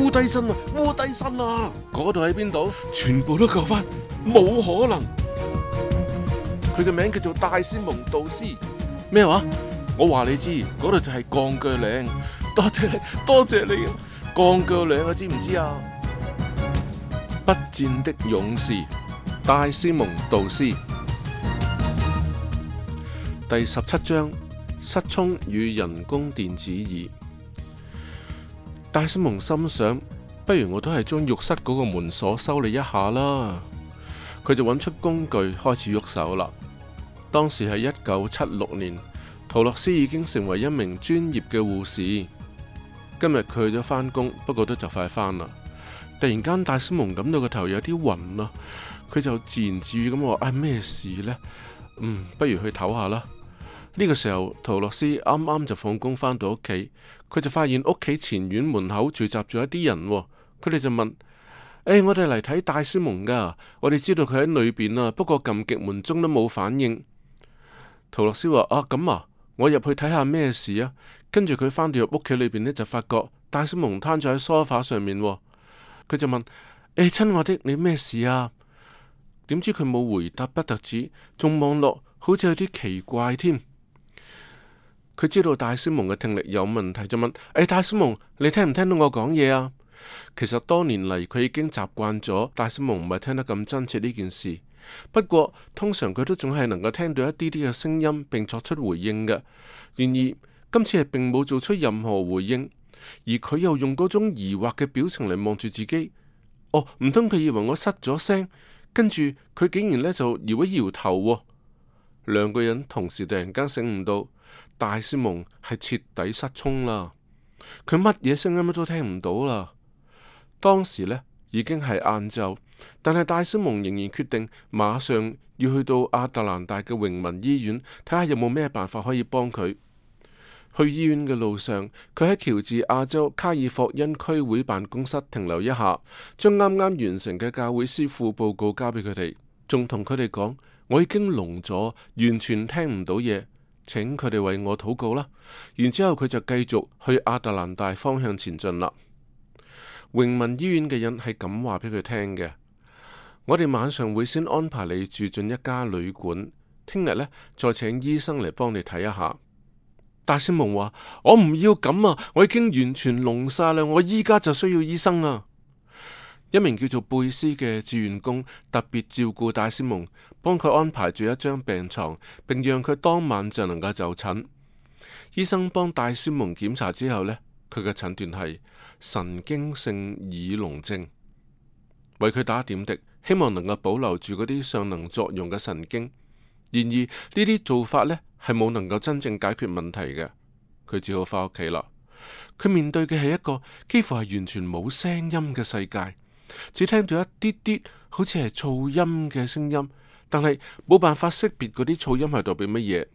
烏低身啊，烏低身啊！嗰度喺邊度？全部都救翻，冇可能。佢嘅名叫做戴斯蒙杜斯，咩話？我話你知，嗰度就係鋼鋸嶺。多謝你，多謝你。鋼鋸嶺啊，知唔知啊？不戰的勇士，戴斯蒙杜斯。第十七章：失聰與人工電子耳。戴斯蒙心想，不如我都係將浴室嗰個門鎖修理一下啦。佢就揾出工具，開始喐手啦。當時係一九七六年，陶洛斯已經成為一名專業嘅護士。今日佢去咗返工，不過都就快返啦。突然間，戴斯蒙感到個頭有啲暈啦，佢就自言自語咁話，哎，咩事呢？嗯，不如去唞下啦。呢個時候，陶洛斯啱啱就放工返到屋企，佢就發現屋企前院門口聚集咗一啲人、哦，佢哋就問：誒、哎，我哋嚟睇戴斯蒙噶，我哋知道佢喺裏邊啊，不過撳極門鐘都冇反應。陶洛斯話：啊，咁啊，我入去睇下咩事啊。跟住佢返到入屋企裏邊呢，就發覺戴斯蒙攤咗喺梳化上面、哦，佢就問：唉、哎，親愛的，你咩事啊？點知佢冇回答，不特止，仲望落好似有啲奇怪添。佢知道戴斯蒙嘅聽力有問題，就問：誒、欸，戴斯蒙，你聽唔聽到我講嘢啊？其實多年嚟，佢已經習慣咗戴斯蒙大斯蒙唔係聽得咁真切呢件事。不過通常佢都仲係能夠聽到一啲啲嘅聲音，並作出回應嘅。然而今次係並冇做出任何回應，而佢又用嗰種疑惑嘅表情嚟望住自己。哦，唔通佢以為我失咗聲？跟住佢竟然呢就搖一搖頭、哦。兩個人同時突然間醒悟到。戴斯蒙係徹底失聰啦，佢乜嘢聲音都聽唔到啦。當時呢已經係晏晝，但係戴斯蒙仍然決定馬上要去到亞特蘭大嘅榮民醫院睇下有冇咩辦法可以幫佢。去醫院嘅路上，佢喺喬治亞州卡爾霍恩區會辦公室停留一下，將啱啱完成嘅教會師傅報告交俾佢哋，仲同佢哋講：我已經聾咗，完全聽唔到嘢。請佢哋為我禱告啦，然之後佢就繼續去亞特蘭大方向前進啦。榮民醫院嘅人係咁話俾佢聽嘅，我哋晚上會先安排你住進一家旅館，聽日呢，再請醫生嚟幫你睇一下。戴斯蒙話：我唔要咁啊，我已經完全聾晒啦，我依家就需要醫生啊！一名叫做貝斯嘅志願工特別照顧戴斯蒙，幫佢安排住一張病床，並讓佢當晚就能夠就診。醫生幫戴斯蒙檢查之後呢，佢嘅診斷係神經性耳聾症，為佢打點滴，希望能夠保留住嗰啲尚能作用嘅神經。然而呢啲做法呢，係冇能夠真正解決問題嘅，佢只好翻屋企啦。佢面對嘅係一個幾乎係完全冇聲音嘅世界。只聽到一啲啲好似係噪音嘅聲音，但係冇辦法識別嗰啲噪音係代表乜嘢。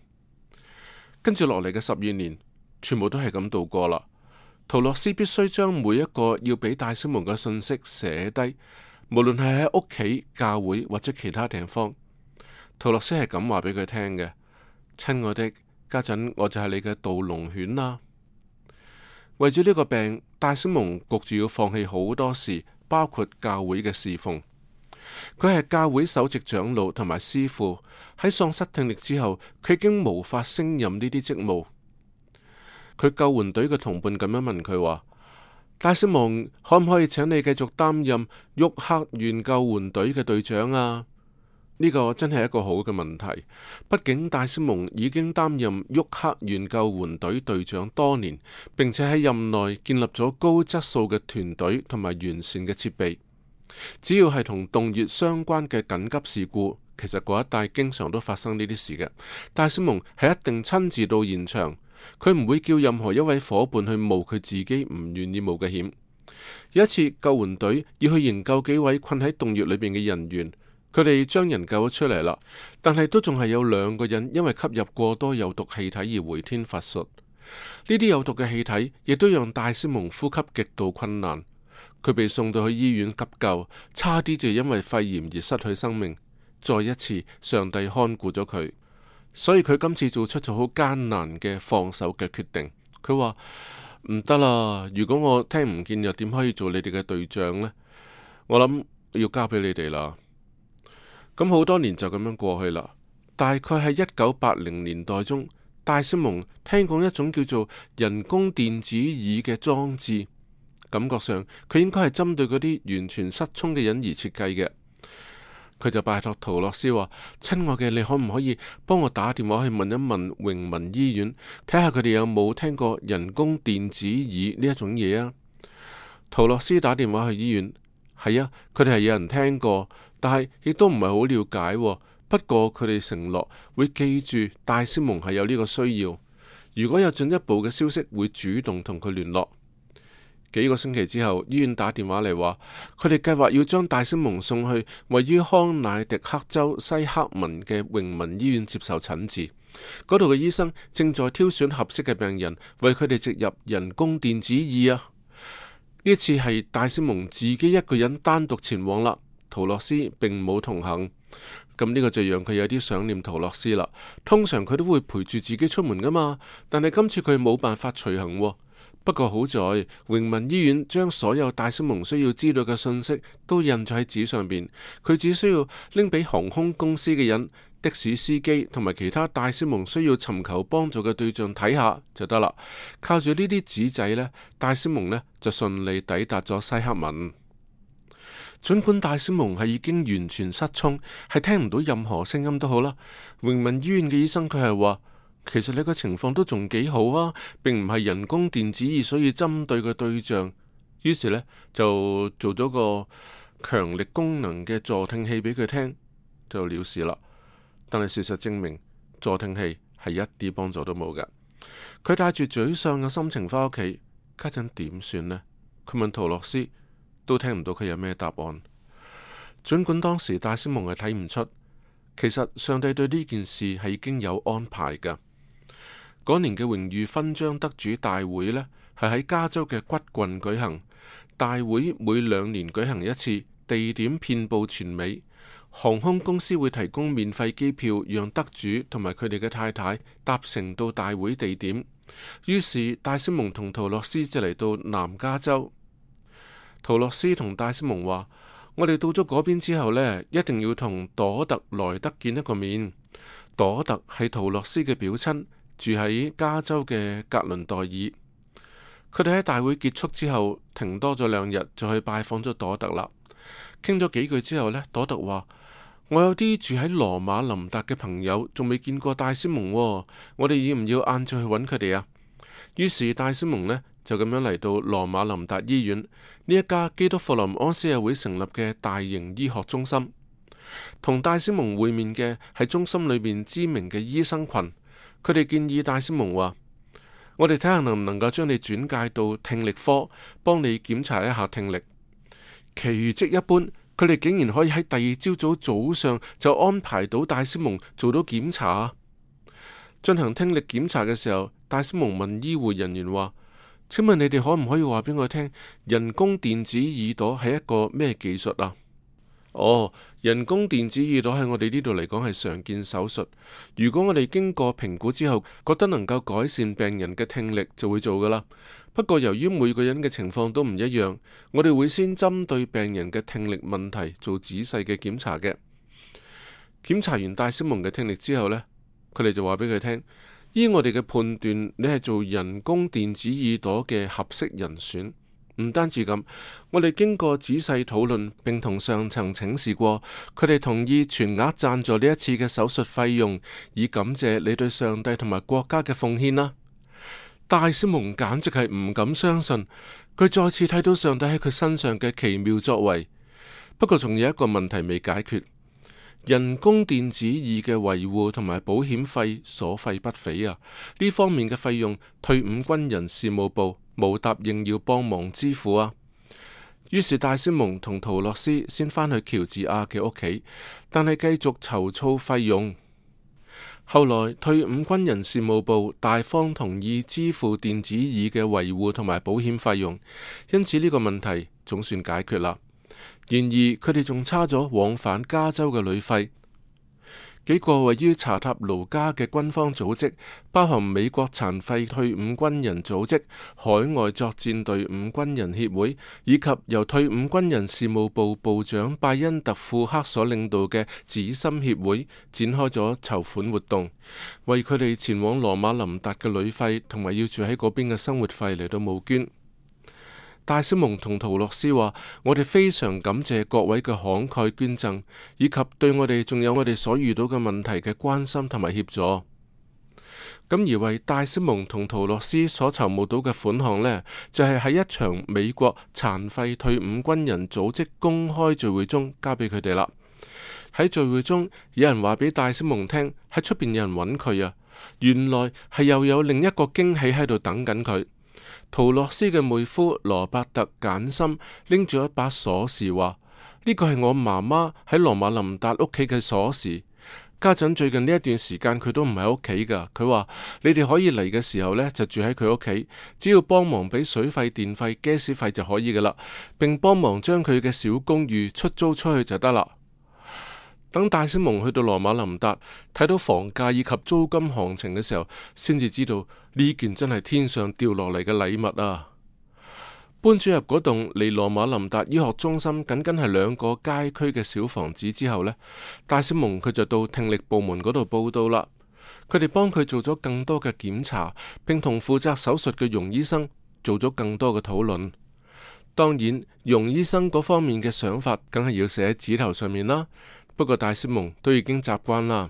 跟住落嚟嘅十二年，全部都係咁度過啦。陶洛斯必須將每一個要俾戴斯蒙嘅信息寫低，無論係喺屋企、教會或者其他地方。陶洛斯係咁話俾佢聽嘅：親愛的家陣，我就係你嘅導龍犬啦。為咗呢個病，戴斯蒙焗住要放棄好多事。包括教會嘅侍奉，佢係教會首席長老同埋師傅。喺喪失聽力之後，佢已經無法升任呢啲職務。佢救援隊嘅同伴咁樣問佢話：大聖王可唔可以請你繼續擔任沃克縣救援隊嘅隊長啊？呢個真係一個好嘅問題。畢竟戴斯蒙已經擔任沃克原救援隊隊長多年，並且喺任內建立咗高質素嘅團隊同埋完善嘅設備。只要係同洞穴相關嘅緊急事故，其實嗰一帶經常都發生呢啲事嘅。戴斯蒙係一定親自到現場，佢唔會叫任何一位伙伴去冒佢自己唔願意冒嘅險。有一次救援隊要去營救幾位困喺洞穴裏邊嘅人員。佢哋將人救咗出嚟啦，但係都仲係有兩個人因為吸入過多有毒氣體而回天乏術。呢啲有毒嘅氣體亦都讓戴斯蒙呼吸極度困難。佢被送到去醫院急救，差啲就因為肺炎而失去生命。再一次，上帝看顧咗佢，所以佢今次做出咗好艱難嘅放手嘅決定。佢話，唔得啦，如果我聽唔見又點可以做你哋嘅隊長呢？我諗要交俾你哋啦。咁好多年就咁樣過去啦。大概喺一九八零年代中，戴斯蒙聽講一種叫做人工電子耳嘅裝置，感覺上佢應該係針對嗰啲完全失聰嘅人而設計嘅。佢就拜託陶洛斯話：「親愛嘅，你可唔可以幫我打電話去問一問榮民醫院，睇下佢哋有冇聽過人工電子耳呢一種嘢啊？陶洛斯打電話去醫院。係啊，佢哋係有人聽過，但係亦都唔係好了解啊。不過佢哋承諾會記住戴斯蒙係有呢個需要。如果有進一步嘅消息，會主動同佢聯絡。幾個星期之後，醫院打電話嚟話，佢哋計劃要將戴斯蒙送去位於康乃狄克州西黑文嘅榮民醫院接受診治。嗰度嘅醫生正在挑選合適嘅病人為佢哋植入人工電子耳啊。呢次係戴斯蒙自己一個人單獨前往啦，陶洛斯並冇同行。咁呢個就讓佢有啲想念陶洛斯啦。通常佢都會陪住自己出門噶嘛，但係今次佢冇辦法隨行。不過好在榮民醫院將所有戴斯蒙需要知道嘅信息都印咗喺紙上邊，佢只需要拎俾航空公司嘅人，的士司機同埋其他戴斯蒙需要尋求幫助嘅對象睇下就得啦。靠住呢啲紙仔咧，戴斯蒙咧就順利抵達咗西克文。儘管戴斯蒙係已經完全失聰，係聽唔到任何聲音都好啦。榮民醫院嘅醫生佢係話，其實你個情況都仲幾好啊，並唔係人工電子耳，所以針對嘅對象。於是呢，就做咗個強力功能嘅助聽器俾佢聽，就了事啦。但係事實證明助聽器係一啲幫助都冇㗎。佢帶住沮喪嘅心情返屋企，家陣點算呢？佢問陶洛斯，都聽唔到佢有咩答案。盡管當時戴斯蒙係睇唔出，其實上帝對呢件事係已經有安排㗎。嗰年嘅榮譽勳章得主大會呢，係喺加州嘅骨郡舉行。大會每兩年舉行一次，地點遍佈全美。航空公司會提供免費機票，讓得主同埋佢哋嘅太太搭乘到大會地點。於是戴斯蒙同陶洛斯就嚟到南加州。陶洛斯同戴斯蒙話：我哋到咗嗰邊之後呢，一定要同朵特萊德見一個面。朵特係陶洛斯嘅表親，住喺加州嘅格倫代爾。佢哋喺大會結束之後停多咗兩日，就去拜訪咗朵特啦。傾咗幾句之後呢，朵特話：我有啲住喺羅馬林達嘅朋友仲未見過戴斯蒙，哦，我哋要唔要晏晝去搵佢哋啊？於是戴斯蒙呢，就咁樣嚟到羅馬林達醫院，呢一家基督復臨安息日會成立嘅大型醫學中心，同戴斯蒙會面嘅係中心裏面知名嘅醫生群，佢哋建議戴斯蒙話：我哋睇下能唔能夠將你轉介到聽力科，幫你檢查一下聽力，奇跡一般。佢哋竟然可以喺第二朝早早上就安排到戴斯蒙做到檢查。進行聽力檢查嘅時候，戴斯蒙問醫護人員話：請問你哋可唔可以話俾我聽，人工電子耳朵係一個咩技術啊？哦，人工電子耳朵喺我哋呢度嚟講係常見手術。如果我哋經過評估之後覺得能夠改善病人嘅聽力，就會做㗎喇。不過由於每個人嘅情況都唔一樣，我哋會先針對病人嘅聽力問題做仔細嘅檢查嘅。檢查完戴斯蒙嘅聽力之後呢，佢哋就話俾佢聽：依我哋嘅判斷，你係做人工電子耳朵嘅合適人選。唔單止咁，我哋經過仔細討論，並同上層請示過，佢哋同意全額贊助呢一次嘅手術費用，以感謝你對上帝同埋國家嘅奉獻啦。戴斯蒙簡直係唔敢相信，佢再次睇到上帝喺佢身上嘅奇妙作為。不過仲有一個問題未解決，人工電子耳嘅維護同埋保險費所費不菲啊！呢方面嘅費用，退伍軍人事務部冇答應要幫忙支付啊，於是戴斯蒙同陶洛斯先返去喬治亞嘅屋企，但係繼續籌措費用。後來退伍軍人事務部大方同意支付電子耳嘅維護同埋保險費用，因此呢個問題總算解決啦。然而佢哋仲差咗往返加州嘅旅費。幾個位於查塔盧加嘅軍方組織，包含美國殘廢退伍軍人組織、海外作戰隊伍軍人協會，以及由退伍軍人事務部部長拜恩特·富克所領導嘅紫心協會，展開咗籌款活動，為佢哋前往羅馬林達嘅旅費同埋要住喺嗰邊嘅生活費嚟到募捐。戴斯蒙同陶洛斯話：我哋非常感謝各位嘅慷慨捐贈，以及對我哋仲有我哋所遇到嘅問題嘅關心同埋協助。咁而為戴斯蒙同陶洛斯所籌募到嘅款項呢，就係喺一場美國殘廢退伍軍人組織公開聚會中交俾佢哋啦。喺聚會中，有人話俾戴斯蒙聽，喺出邊有人揾佢啊！原來係又有另一個驚喜喺度等緊佢。陶洛斯嘅妹夫羅伯特簡心拎住一把鎖匙，話呢個係我媽媽喺羅馬林達屋企嘅鎖匙。家陣最近呢一段時間佢都唔喺屋企噶，佢話你哋可以嚟嘅時候呢，就住喺佢屋企，只要幫忙俾水費、電費、gas 費就可以噶啦，並幫忙將佢嘅小公寓出租出去就得啦。等戴斯蒙去到羅馬林達，睇到房價以及租金行情嘅時候，先至知道呢件真係天上掉落嚟嘅禮物啊！搬住入嗰棟離羅馬林達醫學中心僅僅係兩個街區嘅小房子之後呢，戴斯蒙佢就到聽力部門嗰度報到啦。佢哋幫佢做咗更多嘅檢查，並同負責手術嘅容醫生做咗更多嘅討論。當然，容醫生嗰方面嘅想法，梗係要寫喺紙頭上面啦。不過戴斯蒙都已經習慣啦。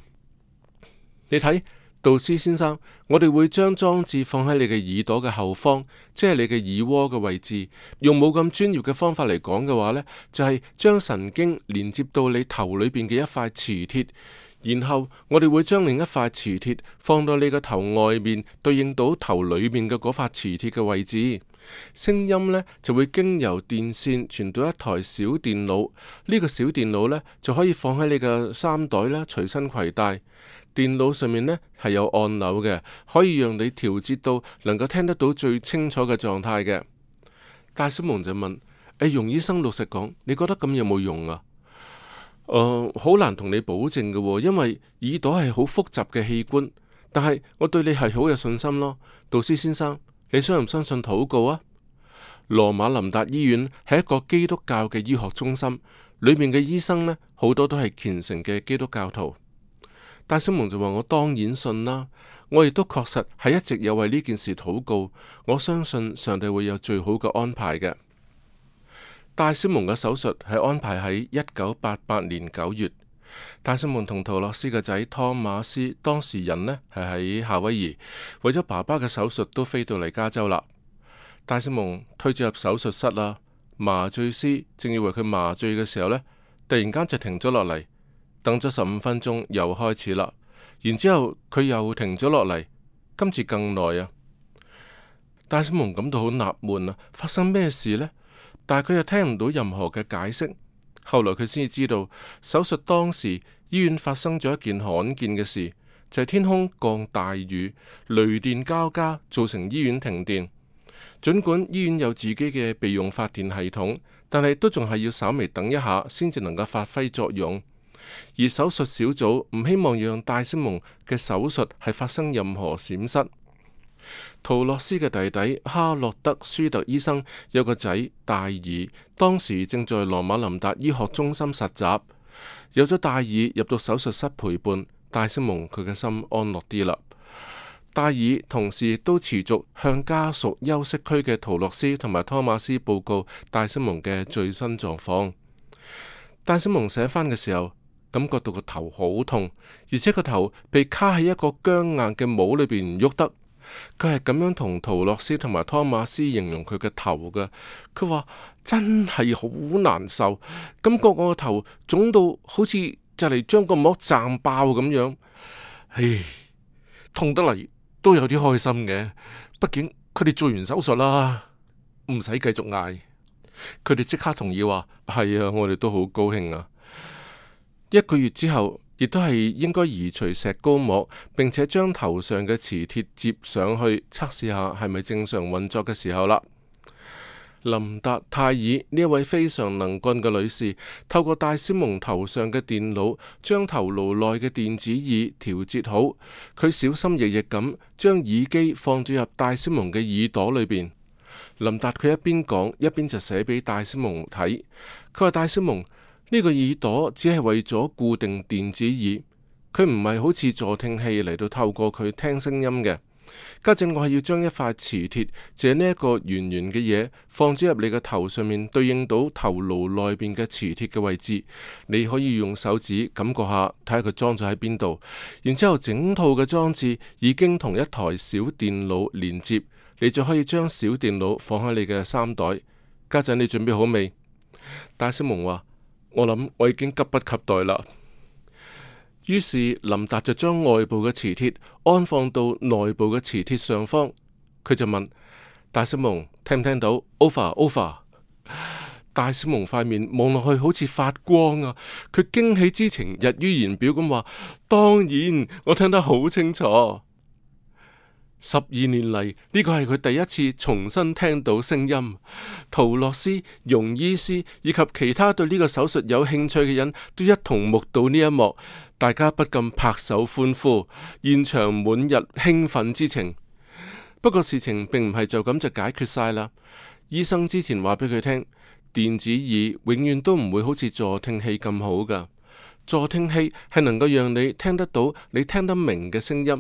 你睇，杜斯先生，我哋會將裝置放喺你嘅耳朵嘅後方，即係你嘅耳窩嘅位置。用冇咁專業嘅方法嚟講嘅話呢，就係、是、將神經連接到你頭裏邊嘅一塊磁鐵，然後我哋會將另一塊磁鐵放到你個頭外面，對應到頭裏面嘅嗰塊磁鐵嘅位置。聲音呢就會經由電線傳到一台小電腦，呢、這個小電腦呢，就可以放喺你嘅衫袋啦，隨身携帶。電腦上面呢，係有按鈕嘅，可以讓你調節到能夠聽得到最清楚嘅狀態嘅。戴斯蒙就問：誒，容醫生，老實講，你覺得咁有冇用啊？好、呃、難同你保證嘅、哦，因為耳朵係好複雜嘅器官。但係我對你係好有信心咯，杜斯先生。你相唔相信禱告啊？羅馬林達醫院係一個基督教嘅醫學中心，裏面嘅醫生呢好多都係虔誠嘅基督教徒。戴斯蒙就話：我當然信啦，我亦都確實係一直有為呢件事禱告。我相信上帝會有最好嘅安排嘅。戴斯蒙嘅手術係安排喺一九八八年九月。戴斯蒙同陶洛斯嘅仔湯馬斯，當時人呢係喺夏威夷，為咗爸爸嘅手術都飛到嚟加州啦。戴斯蒙推住入手術室啦，麻醉師正要為佢麻醉嘅時候呢，突然間就停咗落嚟，等咗十五分鐘又開始啦，然之後佢又停咗落嚟，今次更耐啊！戴斯蒙感到好納悶啊，發生咩事呢？但係佢又聽唔到任何嘅解釋。後來佢先至知道，手術當時醫院發生咗一件罕見嘅事，就係天空降大雨、雷電交加，造成醫院停電。儘管醫院有自己嘅備用發電系統，但係都仲係要稍微等一下先至能夠發揮作用。而手術小組唔希望讓戴斯蒙嘅手術係發生任何閃失。陶洛斯嘅弟弟哈洛德舒特醫生有個仔戴爾，當時正在羅馬林達醫學中心實習。有咗戴爾入到手術室陪伴戴斯蒙，佢嘅心安樂啲啦。戴爾同時都持續向家屬休息區嘅陶洛斯同埋托馬斯報告戴斯蒙嘅最新狀況。戴斯蒙醒翻嘅時候，感覺到個頭好痛，而且個頭被卡喺一個僵硬嘅帽裏邊，唔喐得。佢係咁樣同陶洛斯同埋托馬斯形容佢嘅頭嘅，佢話真係好難受，感覺我個頭腫到好似就嚟將個膜炸爆咁樣，唉，痛得嚟都有啲開心嘅，畢竟佢哋做完手術啦，唔使繼續嗌。佢哋即刻同意話，係啊，我哋都好高興啊，一個月之後。亦都係應該移除石膏膜，並且將頭上嘅磁鐵接上去，測試下係咪正常運作嘅時候啦。林達泰爾呢一位非常能幹嘅女士，透過戴斯蒙頭上嘅電腦，將頭顱內嘅電子耳調節好。佢小心翼翼咁將耳機放咗入戴斯蒙嘅耳朵裏邊。林達佢一邊講一邊就寫俾戴斯蒙睇。佢話戴斯蒙，呢個耳朵只係為咗固定電子耳，佢唔係好似助聽器嚟到透過佢聽聲音嘅。家陣我係要將一塊磁鐵，借呢一個圓圓嘅嘢，放置入你嘅頭上面，對應到頭顱內邊嘅磁鐵嘅位置。你可以用手指感覺下，睇下佢裝咗喺邊度。然之後整套嘅裝置已經同一台小電腦連接，你就可以將小電腦放喺你嘅衫袋。家陣你準備好未？戴斯蒙話。我諗我已經急不及待啦，於是林達就將外部嘅磁鐵安放到內部嘅磁鐵上方，佢就問戴斯蒙：聽唔聽到？over over。戴斯蒙塊面望落去好似發光啊！佢驚喜之情溢於言表咁話：當然，我聽得好清楚。十二年嚟呢個係佢第一次重新聽到聲音，陶洛斯、容醫師以及其他對呢個手術有興趣嘅人都一同目睹呢一幕，大家不禁拍手歡呼，現場滿日興奮之情。不過事情並唔係就咁就解決晒啦，醫生之前話俾佢聽，電子耳永遠都唔會好似助聽器咁好噶。助聽器係能夠讓你聽得到，你聽得明嘅聲音，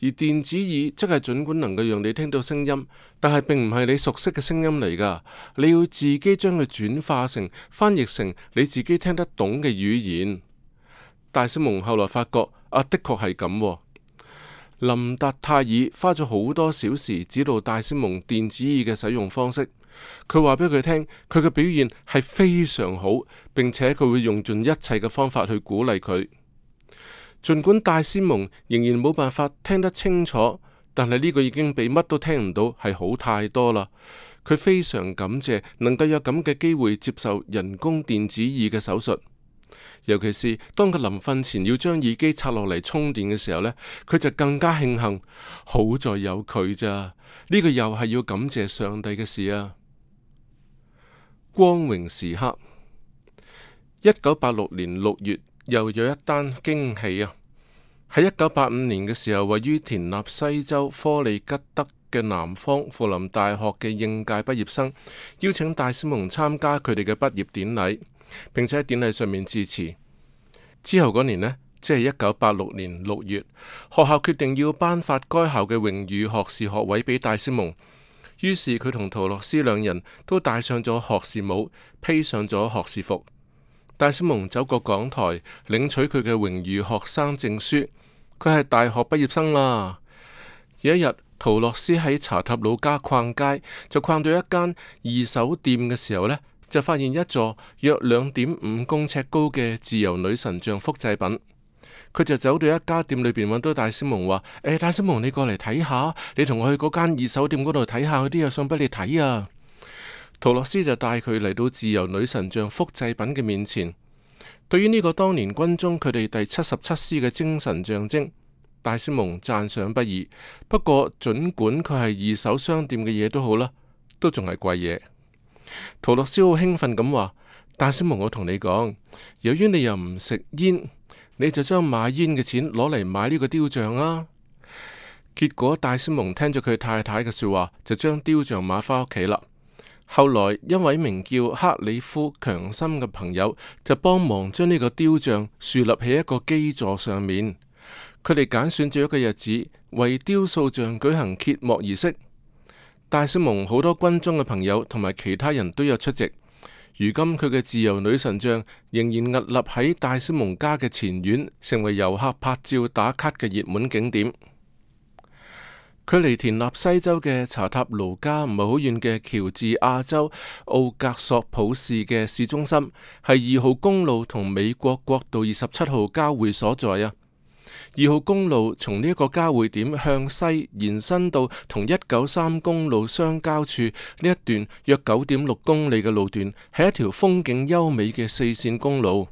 而電子耳則係盡管能夠讓你聽到聲音，但係並唔係你熟悉嘅聲音嚟噶，你要自己將佢轉化成、翻譯成你自己聽得懂嘅語言。戴斯蒙後來發覺啊，的確係咁啊。林達泰爾花咗好多小時指導戴斯蒙電子耳嘅使用方式。佢話俾佢聽，佢嘅表現係非常好，並且佢會用盡一切嘅方法去鼓勵佢。盡管戴斯蒙仍然冇辦法聽得清楚，但係呢個已經比乜都聽唔到係好太多啦。佢非常感謝能夠有咁嘅機會接受人工電子耳嘅手術，尤其是當佢臨瞓前要將耳機拆落嚟充電嘅時候呢，佢就更加慶幸好在有佢咋。呢個又係要感謝上帝嘅事啊！光榮時刻，一九八六年六月又有一單驚喜啊！喺一九八五年嘅時候，位於田納西州科里吉德嘅南方富林大學嘅應屆畢業生邀請戴斯蒙參加佢哋嘅畢業典禮，並且喺典禮上面致辭。之後嗰年呢，即係一九八六年六月，學校決定要頒發該校嘅榮譽學士學位俾戴斯蒙。於是佢同陶洛斯兩人都戴上咗學士帽，披上咗學士服。戴斯蒙走過講台，領取佢嘅榮譽學生證書。佢係大學畢業生啦。有一日，陶洛斯喺查塔老家逛街，就逛到一間二手店嘅時候呢，就發現一座約兩點五公尺高嘅自由女神像複製品。佢就走到一家店裏邊，揾到戴斯蒙，話：誒，戴斯蒙，你過嚟睇下，你同我去嗰間二手店嗰度睇下，有啲嘢想俾你睇啊！陶洛斯就帶佢嚟到自由女神像複製品嘅面前。對於呢個當年軍中佢哋第七十七師嘅精神象徵，戴斯蒙讚賞不已。不過，盡管佢係二手商店嘅嘢都好啦，都仲係貴嘢。陶洛斯好興奮咁話：戴斯蒙，我同你講，由於你又唔食煙。你就將買煙嘅錢攞嚟買呢個雕像啦，啊。結果戴斯蒙聽咗佢太太嘅說話，就將雕像買翻屋企啦。後來一位名叫克里夫強森嘅朋友就幫忙將呢個雕像豎立喺一個基座上面。佢哋揀選咗一個日子為雕塑像舉行揭幕儀式。戴斯蒙好多軍中嘅朋友同埋其他人都有出席。如今佢嘅自由女神像仍然屹立喺戴斯蒙家嘅前院，成為遊客拍照打卡嘅熱門景點。距離田納西州嘅查塔努加唔係好遠嘅喬治亞州奧格索普市嘅市中心，係二號公路同美國國道二十七號交匯所在啊。二號公路從呢一個交匯點向西延伸到同一九三公路相交處，呢一段約九點六公里嘅路段係一條風景優美嘅四線公路。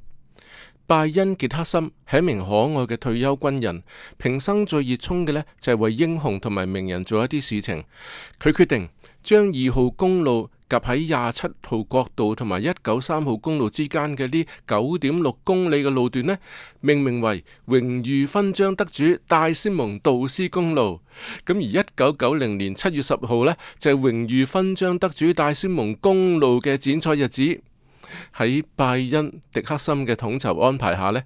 拜恩傑克森係一名可愛嘅退休軍人，平生最熱衷嘅呢就係為英雄同埋名人做一啲事情。佢決定將二號公路，及喺廿七號國道同埋一九三號公路之間嘅呢九點六公里嘅路段呢，命名為榮譽勳章得主戴斯蒙杜斯公路。咁而一九九零年七月十號呢，就係榮譽勳章得主戴斯蒙公路嘅剪彩日子。喺拜恩迪克森嘅統籌安排下呢，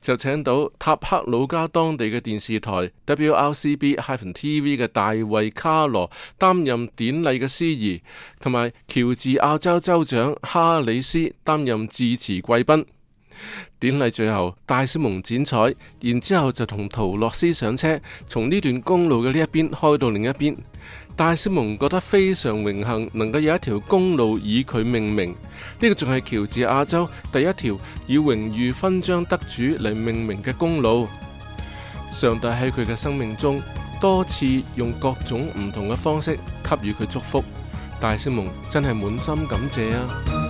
就請到塔克魯加當地嘅電視台 WLCB hyphen TV 嘅大衛卡羅擔任典禮嘅司儀，同埋喬治亞州州長哈里斯擔任致辭貴賓。典禮最後，戴斯蒙剪彩，然之後就同陶洛斯上車，從呢段公路嘅呢一邊開到另一邊。戴斯蒙覺得非常榮幸，能夠有一條公路以佢命名。呢、這個仲係喬治亞州第一條以榮譽勳章得主嚟命名嘅公路。上帝喺佢嘅生命中多次用各種唔同嘅方式給予佢祝福，戴斯蒙真係滿心感謝啊！